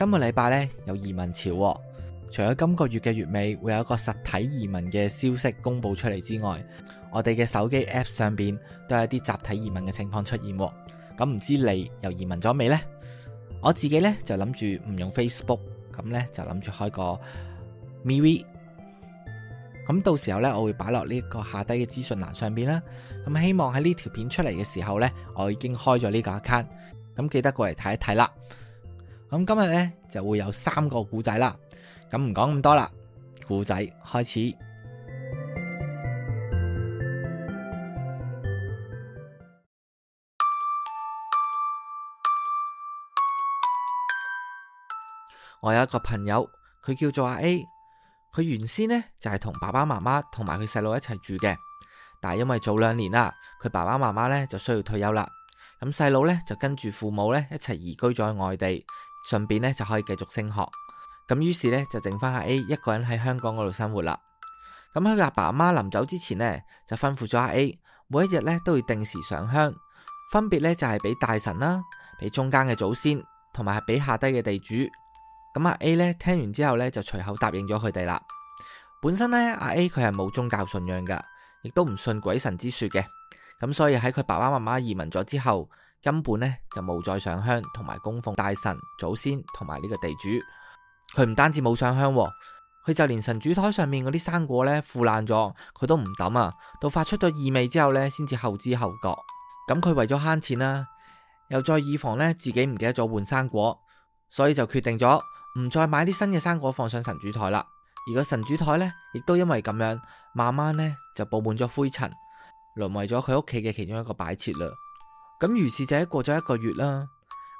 今個禮拜咧有移民潮，除咗今個月嘅月尾會有一個實體移民嘅消息公布出嚟之外，我哋嘅手機 app 上邊都有一啲集體移民嘅情況出現。咁唔知你又移民咗未呢？我自己咧就諗住唔用 Facebook，咁咧就諗住開個 MeWe。咁到時候咧我會擺落呢個下低嘅資訊欄上邊啦。咁希望喺呢條片出嚟嘅時候咧我已經開咗呢個 account。咁記得過嚟睇一睇啦。咁今日呢，就會有三個故仔啦，咁唔講咁多啦，故仔開始。我有一個朋友，佢叫做阿 A，佢原先呢，就係同爸爸媽媽同埋佢細佬一齊住嘅，但係因為早兩年啦，佢爸爸媽媽呢就需要退休啦，咁細佬呢，就跟住父母呢，一齊移居咗外地。順便咧就可以繼續升學，咁於是咧就剩翻阿 A 一個人喺香港嗰度生活啦。咁喺阿爸阿媽臨走之前咧，就吩咐咗阿 A 每一日咧都要定時上香，分別咧就係俾大神啦，俾中間嘅祖先，同埋俾下低嘅地主。咁阿 A 咧聽完之後咧就隨口答應咗佢哋啦。本身咧阿 A 佢係冇宗教信仰噶，亦都唔信鬼神之說嘅，咁所以喺佢爸爸媽媽移民咗之後，根本呢就冇再上香同埋供奉大神、祖先同埋呢個地主，佢唔單止冇上香，佢就連神主台上面嗰啲生果呢腐爛咗，佢都唔抌啊，到發出咗異味之後呢，先至後知後覺。咁佢為咗慳錢啦，又再以防呢自己唔記得咗換生果，所以就決定咗唔再買啲新嘅生果放上神主台啦。而個神主台呢，亦都因為咁樣，慢慢呢就布滿咗灰塵，淪為咗佢屋企嘅其中一個擺設啦。咁於是者喺過咗一個月啦，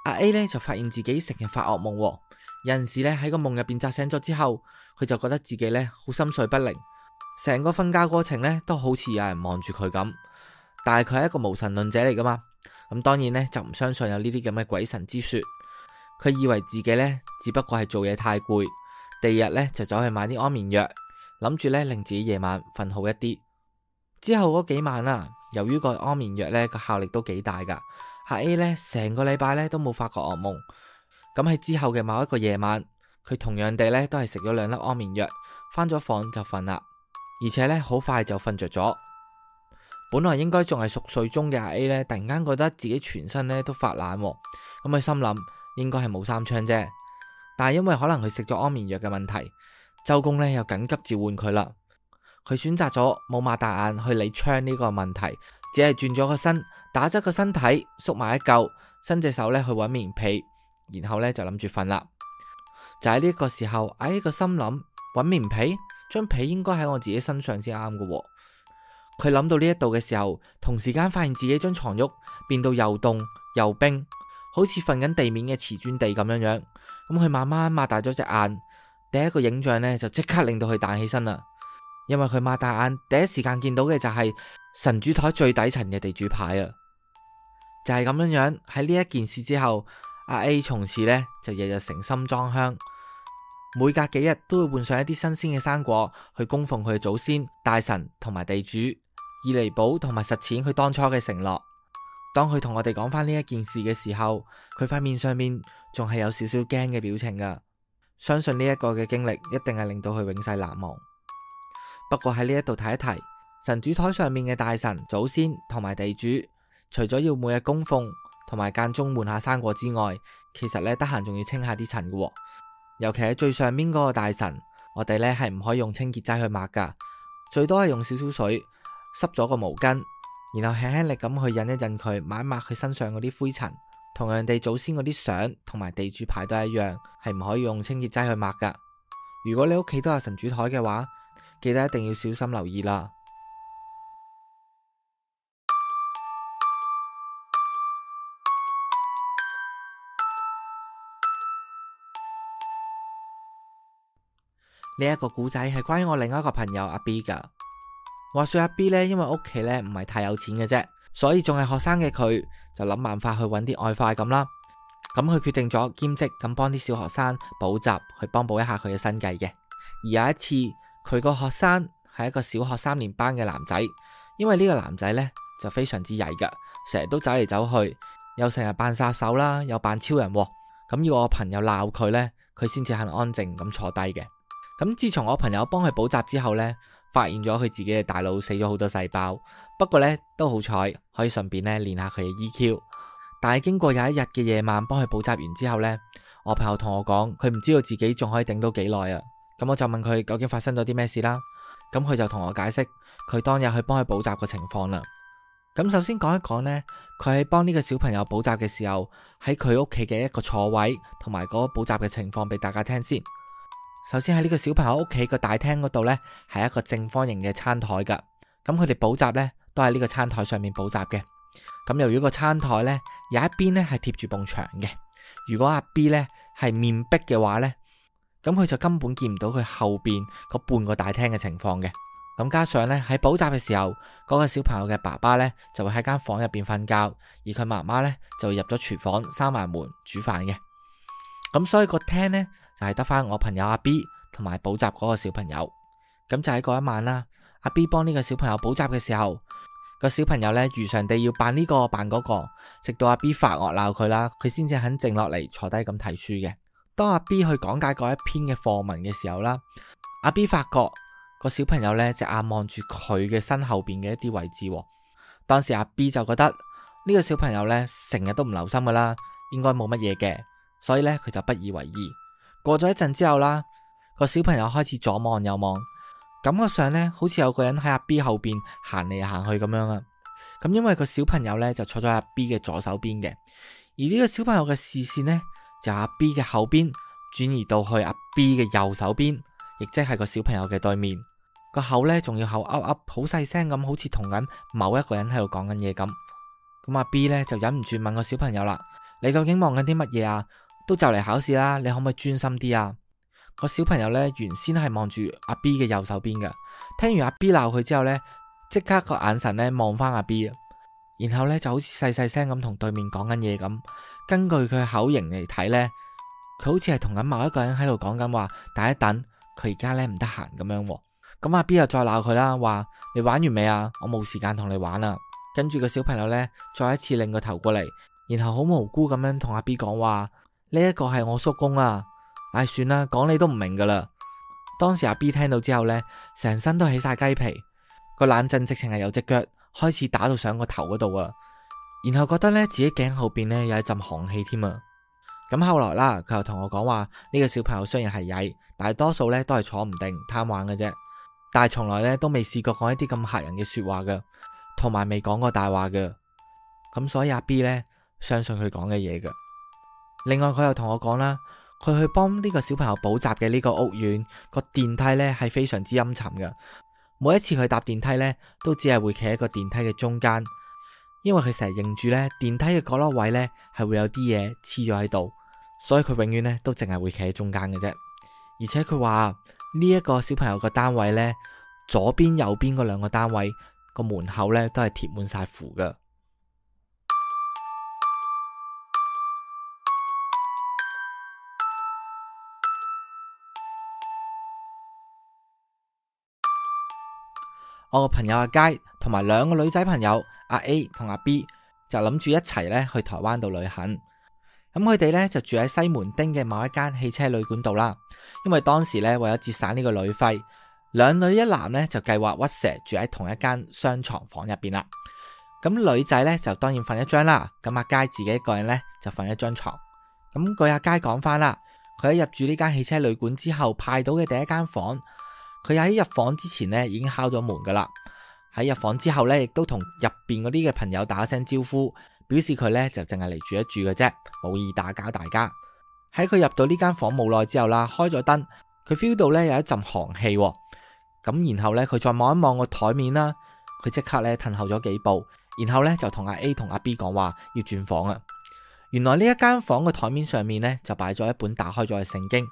阿 A 咧就發現自己成日發噩夢，有陣時咧喺個夢入邊扎醒咗之後，佢就覺得自己咧好心緒不寧，成個瞓覺過程咧都好似有人望住佢咁。但係佢係一個無神論者嚟噶嘛，咁當然咧就唔相信有呢啲咁嘅鬼神之説。佢以為自己咧只不過係做嘢太攰，第二日咧就走去買啲安眠藥，諗住咧令自己夜晚瞓好一啲。之後嗰幾晚啊～由於個安眠藥呢個效力都幾大噶，阿 A 呢成個禮拜呢都冇發過噩夢。咁喺之後嘅某一個夜晚，佢同樣地呢都係食咗兩粒安眠藥，返咗房就瞓啦，而且呢好快就瞓着咗。本來應該仲係熟睡中嘅阿 A 呢，突然間覺得自己全身呢都發冷喎，咁佢心諗應該係冇三槍啫。但係因為可能佢食咗安眠藥嘅問題，周公呢又緊急召喚佢啦。佢選擇咗冇擘大眼去理窗呢個問題，只係轉咗個身，打側個身體縮埋一嚿，伸隻手咧去搵棉被，然後咧就諗住瞓啦。就喺呢個時候，哎，這個心諗搵棉被，張被應該喺我自己身上先啱噶。佢諗到呢一度嘅時候，同時間發現自己張床褥變到又凍又冰，好似瞓緊地面嘅瓷磚地咁樣樣。咁佢慢慢擘大咗隻眼，第一個影像咧就即刻令到佢彈起身啦。因為佢擘大眼，第一時間見到嘅就係神主台最底層嘅地主牌啊，就係咁樣樣。喺呢一件事之後，阿 A 從此呢就日日誠心裝香，每隔幾日都會換上一啲新鮮嘅生果去供奉佢嘅祖先大神同埋地主，以彌補同埋實踐佢當初嘅承諾。當佢同我哋講返呢一件事嘅時候，佢塊面上面仲係有少少驚嘅表情㗎，相信呢一個嘅經歷一定係令到佢永世難忘。不過喺呢一度提一提，神主台上面嘅大神、祖先同埋地主，除咗要每日供奉同埋間中換下生果之外，其實咧，得閒仲要清下啲塵嘅。尤其係最上面嗰個大神，我哋咧係唔可以用清潔劑去抹噶，最多係用少少水濕咗個毛巾，然後輕輕力咁去印一印佢，抹一抹佢身上嗰啲灰塵。同人哋祖先嗰啲相同埋地主牌都係一樣，係唔可以用清潔劑去抹噶。如果你屋企都有神主台嘅話，記得一定要小心留意啦。呢一個古仔係關於我另一個朋友阿 B 噶。話說阿 B 呢，因為屋企呢唔係太有錢嘅啫，所以仲係學生嘅佢就諗辦法去揾啲外快咁啦。咁佢決定咗兼職咁幫啲小學生補習，去幫補一下佢嘅生計嘅。而有一次，佢個學生係一個小學三年班嘅男仔，因為呢個男仔呢就非常之曳噶，成日都走嚟走去，又成日扮殺手啦，又扮超人，咁要我朋友鬧佢呢，佢先至肯安靜咁坐低嘅。咁自從我朋友幫佢補習之後呢，發現咗佢自己嘅大腦死咗好多細胞，不過呢，都好彩，可以順便呢練下佢嘅 EQ，但係經過有一日嘅夜晚幫佢補習完之後呢，我朋友同我講，佢唔知道自己仲可以頂到幾耐啊。咁我就問佢究竟發生咗啲咩事啦。咁佢就同我解釋佢當日去幫佢補習嘅情況啦。咁首先講一講呢，佢喺幫呢個小朋友補習嘅時候，喺佢屋企嘅一個坐位同埋嗰個補習嘅情況俾大家聽先。首先喺呢個小朋友屋企個大廳嗰度呢，係一個正方形嘅餐台噶。咁佢哋補習呢，都喺呢個餐台上面補習嘅。咁由於個餐台呢，有一邊呢係貼住埲牆嘅，如果阿 B 呢係面壁嘅話呢。咁佢就根本見唔到佢後邊嗰半個大廳嘅情況嘅。咁加上呢，喺補習嘅時候，嗰個小朋友嘅爸爸呢就會喺間房入邊瞓覺，而佢媽媽呢就入咗廚房閂埋門煮飯嘅。咁所以個廳呢，就係得翻我朋友阿 B 同埋補習嗰個小朋友。咁就喺嗰一晚啦，阿 B 幫呢個小朋友補習嘅時候，個小朋友呢如常地要扮呢個扮嗰個，直到阿 B 發惡鬧佢啦，佢先至肯靜落嚟坐低咁睇書嘅。當阿 B 去講解嗰一篇嘅課文嘅時候啦，阿 B 發覺個小朋友咧就眼望住佢嘅身後邊嘅一啲位置，當時阿 B 就覺得呢、這個小朋友咧成日都唔留心噶啦，應該冇乜嘢嘅，所以咧佢就不以為意。過咗一陣之後啦，個小朋友開始左望右望，感覺上咧好似有個人喺阿 B 後邊行嚟行去咁樣啊。咁因為個小朋友咧就坐咗阿 B 嘅左手邊嘅，而呢個小朋友嘅視線呢，就阿 B 嘅後邊轉移到去阿 B 嘅右手邊，亦即係個小朋友嘅對面個口呢仲要口噏噏，好細聲咁，好似同緊某一個人喺度講緊嘢咁。咁阿 B 呢就忍唔住問個小朋友啦，你究竟望緊啲乜嘢啊？都就嚟考試啦，你可唔可以專心啲啊？個小朋友呢原先係望住阿 B 嘅右手邊嘅，聽完阿 B 鬧佢之後呢，即刻個眼神呢望翻阿 B，然後呢就好似細細聲咁同對面講緊嘢咁。.根據佢口型嚟睇呢，佢好似係同緊某一個人喺度講緊話，等一等，佢而家呢唔得閒咁樣。咁阿 B 又再鬧佢啦，話你玩完未啊？我冇時間同你玩啦。跟住個小朋友呢，再一次擰個頭過嚟，然後好無辜咁樣同阿 B 講話：呢一個係我叔公啊！唉，算啦，講你都唔明噶啦。當時阿 B 聽到之後呢，成身都起晒雞皮，個冷震直情係有隻腳開始打到上個頭嗰度啊！然後覺得咧自己頸後邊咧有一陣寒氣添啊！咁後來啦，佢又同我講話呢個小朋友雖然係曳，但係多數咧都係坐唔定、貪玩嘅啫。但係從來咧都未試過講一啲咁嚇人嘅說話嘅，同埋未講過大話嘅。咁所以阿 B 咧相信佢講嘅嘢嘅。另外佢又同我講啦，佢去幫呢個小朋友補習嘅呢個屋苑個電梯咧係非常之陰沉嘅。每一次佢搭電梯咧都只係會企喺個電梯嘅中間。因為佢成日認住呢電梯嘅角落位呢係會有啲嘢黐咗喺度，所以佢永遠呢都淨係會企喺中間嘅啫。而且佢話呢一個小朋友嘅單位呢，左邊右邊嗰兩個單位個門口呢都係貼滿晒符㗎。我個朋友阿佳。同埋兩個女仔朋友阿 A 同阿 B 就諗住一齊咧去台灣度旅行。咁佢哋咧就住喺西門町嘅某一間汽車旅館度啦。因為當時咧為咗節省呢個旅費，兩女一男咧就計劃屈蛇住喺同一間雙床房入邊啦。咁女仔咧就當然瞓一張啦，咁阿佳自己一個人咧就瞓一張床。咁據阿佳講翻啦，佢喺入住呢間汽車旅館之後派到嘅第一間房，佢喺入房之前咧已經敲咗門噶啦。喺入房之後咧，亦都同入邊嗰啲嘅朋友打聲招呼，表示佢咧就淨係嚟住一住嘅啫，冇意打攪大家。喺佢入到呢間房冇耐之後啦，開咗燈，佢 feel 到咧有一陣寒氣咁，哦，然後咧佢再望一望個台面啦，佢即刻咧褪後咗幾步，然後咧就同阿 A 同阿 B 講話要轉房啊。原來呢一間房個台面上面咧就擺咗一本打開咗嘅聖經。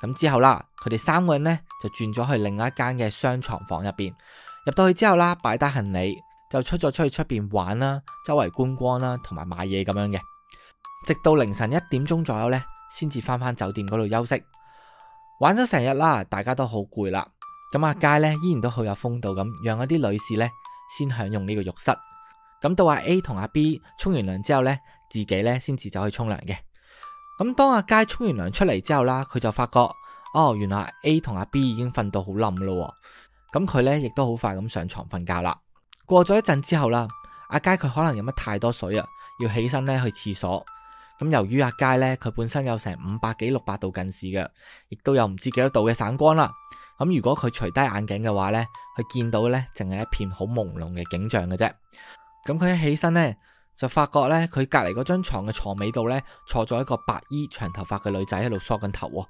咁之後啦，佢哋三個人咧就轉咗去另一間嘅雙床房入邊。入到去之後啦，擺低行李就出咗出去出邊玩啦，周圍觀光啦，同埋買嘢咁樣嘅，直到凌晨一點鐘左右呢，先至翻返酒店嗰度休息。玩咗成日啦，大家都好攰啦。咁、啊、阿佳呢，依然都好有風度咁，讓一啲女士呢，先享用呢個浴室。咁到阿 A 同阿 B 沖完涼之後呢，自己呢，先至走去沖涼嘅。咁當阿、啊、佳沖完涼出嚟之後啦，佢就發覺，哦，原來 A 同阿 B 已經瞓到好冧咯。咁佢咧亦都好快咁上床瞓覺啦。過咗一陣之後啦，阿佳佢可能飲得太多水啊，要起身咧去廁所。咁由於阿佳咧，佢本身有成五百幾六百度近視嘅，亦都有唔知幾多度嘅散光啦。咁如果佢除低眼鏡嘅話咧，佢見到咧淨係一片好朦朧嘅景象嘅啫。咁佢一起身咧，就發覺咧佢隔籬嗰張床嘅床尾度咧坐咗一個白衣長頭髮嘅女仔喺度梳緊頭。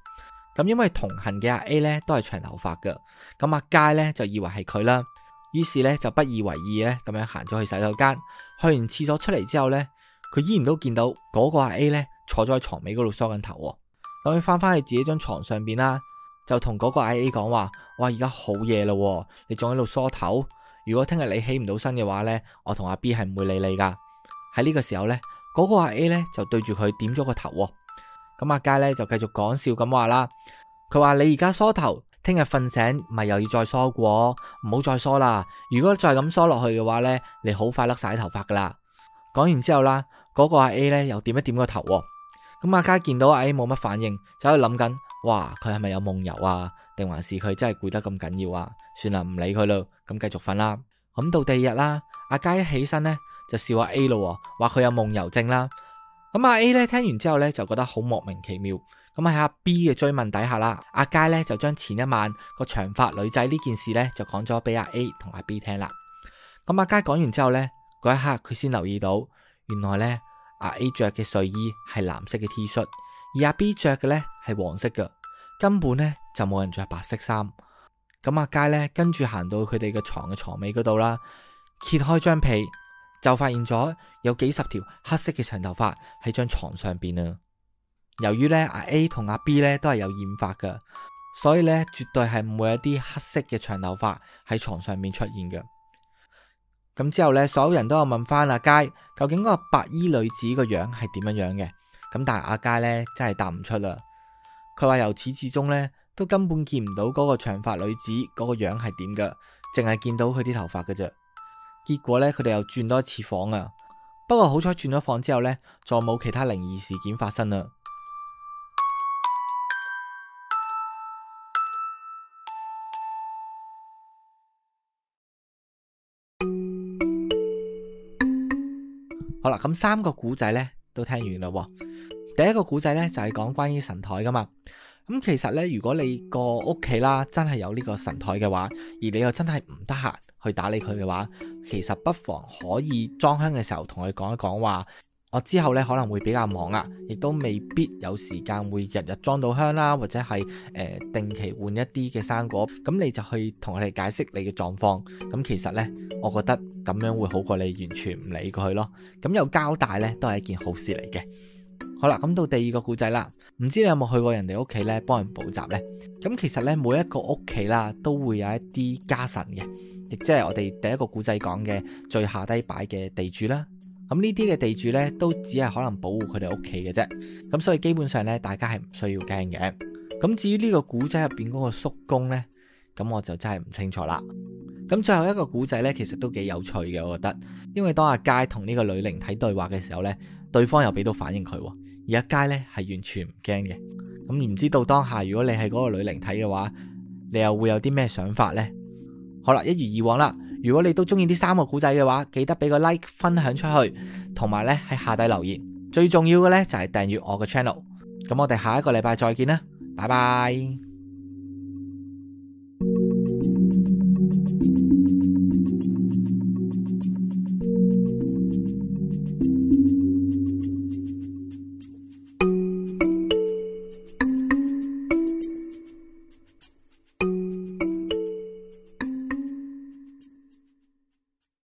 咁因為同行嘅阿 A 咧都係長頭髮噶咁、啊、阿佳咧就以為係佢啦，於是咧就不以為意咧咁樣行咗去洗手間，去完廁所出嚟之後咧，佢依然都見到嗰個阿 A 咧坐咗喺床尾嗰度梳緊頭，哦。咁佢翻翻去自己張床上邊啦，就同嗰個阿 A 講話：哇，而家好夜咯，你仲喺度梳頭？如果聽日你起唔到身嘅話咧，我同阿 B 係唔會理你噶。喺呢個時候咧，嗰，那個阿 A 咧就對住佢點咗個頭，哦。咁阿、啊、佳咧就繼續講笑咁話啦，佢話你而家梳頭，聽日瞓醒咪又要再梳過，唔好再梳啦。如果再咁梳落去嘅話呢，你好快甩晒啲頭髮噶啦。講完之後啦，嗰、那個阿 A 呢又點一點個頭。咁、啊、阿佳見到阿 A 冇乜反應，就喺度諗緊，哇，佢係咪有夢遊啊？定還是佢真係攰得咁緊要啊？算啦，唔理佢咯，咁繼續瞓啦。咁到第二日啦，阿、啊、佳一起身呢，就笑阿 A 啦，話佢有夢遊症啦。咁阿 A 咧聽完之後咧就覺得好莫名其妙。咁喺阿 B 嘅追問底下啦，阿佳咧就將前一晚個長髮女仔呢件事咧就講咗俾阿 A 同阿 B 聽啦。咁阿佳講完之後咧，嗰一刻佢先留意到，原來咧阿 A 着嘅睡衣係藍色嘅 T 恤，而阿 B 着嘅咧係黃色嘅，根本咧就冇人着白色衫。咁阿佳咧跟住行到佢哋嘅床嘅床尾嗰度啦，揭開張被。就發現咗有幾十條黑色嘅長頭髮喺張床上邊啊！由於咧阿 A 同阿 B 咧都係有染髮噶，所以咧絕對係唔會有啲黑色嘅長頭髮喺床上面出現嘅。咁之後咧，所有人都有問翻阿佳究竟嗰個白衣女子個樣係點樣樣嘅？咁但係阿佳咧真係答唔出啦。佢話由始至終咧都根本見唔到嗰個長髮女子嗰個樣係點噶，淨係見到佢啲頭髮噶啫。結果咧，佢哋又轉多一次房啊！不過好彩轉咗房之後咧，再冇其他靈異事件發生啦。 好啦，咁三個古仔咧都聽完啦。第一個古仔咧就係、是、講關於神檯噶嘛咁其實咧，如果你個屋企啦，真係有呢個神檯嘅話，而你又真係唔得閒去打理佢嘅話，其實不妨可以裝香嘅時候同佢講一講話，我之後咧可能會比較忙啊，亦都未必有時間會日日裝到香啦，或者係誒、呃、定期換一啲嘅生果，咁你就去同佢哋解釋你嘅狀況。咁其實呢，我覺得咁樣會好過你完全唔理佢咯。咁有交代呢，都係一件好事嚟嘅。好啦，咁到第二個古仔啦，唔知你有冇去過人哋屋企咧，幫人補習呢？咁其實咧，每一個屋企啦，都會有一啲家臣嘅，亦即係我哋第一個古仔講嘅最下低擺嘅地主啦。咁呢啲嘅地主咧，都只係可能保護佢哋屋企嘅啫。咁所以基本上咧，大家係唔需要驚嘅。咁至於呢個古仔入邊嗰個叔公呢，咁我就真係唔清楚啦。咁最後一個古仔咧，其實都幾有趣嘅，我覺得，因為當阿佳同呢個女靈體對話嘅時候咧，對方又俾到反應佢。而一街咧係完全唔驚嘅，咁唔知道當下如果你係嗰個女靈體嘅話，你又會有啲咩想法呢？好啦，一如以往啦，如果你都中意呢三個古仔嘅話，記得俾個 like 分享出去，同埋咧喺下底留言，最重要嘅咧就係訂閱我嘅 channel。咁我哋下一個禮拜再見啦，拜拜。